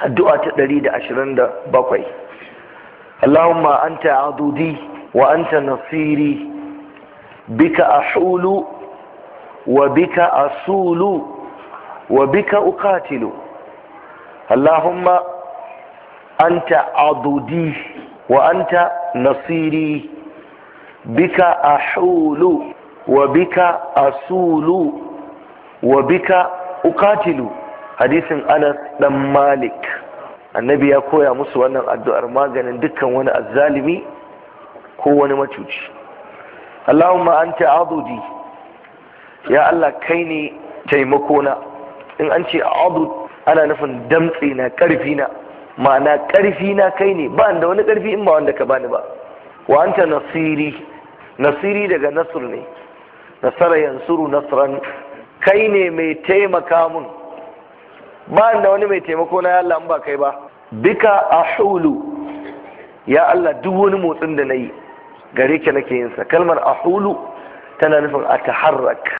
addu'a ta 127 Allahumma anta adudi wa anta nasiri bika ahulu wa bika asulu wa bika uqatilu Allahumma anta adudi wa anta nasiri bika ahulu wa bika asulu wa bika uqatilu hadisin anas dan malik annabi ya koya musu wannan addu'ar maganin dukkan wani azzalimi ko wani macuci allahumma anta adudi ya allah kai ne taimakona in an ce adud ana nufin damtse na karfi na ma'ana karfi na kai ne ba da wani karfi in ba wanda ka bani ba wa anta nasiri nasiri daga nasr ne nasara yansuru nasran kai ne mai taimaka mun ba da wani mai taimako na ya Allah ba kai ba bika ahulu ya Allah duk wani motsin da na yi. gare ke nake yin sa kalmar ahulu tana nufin a taharraka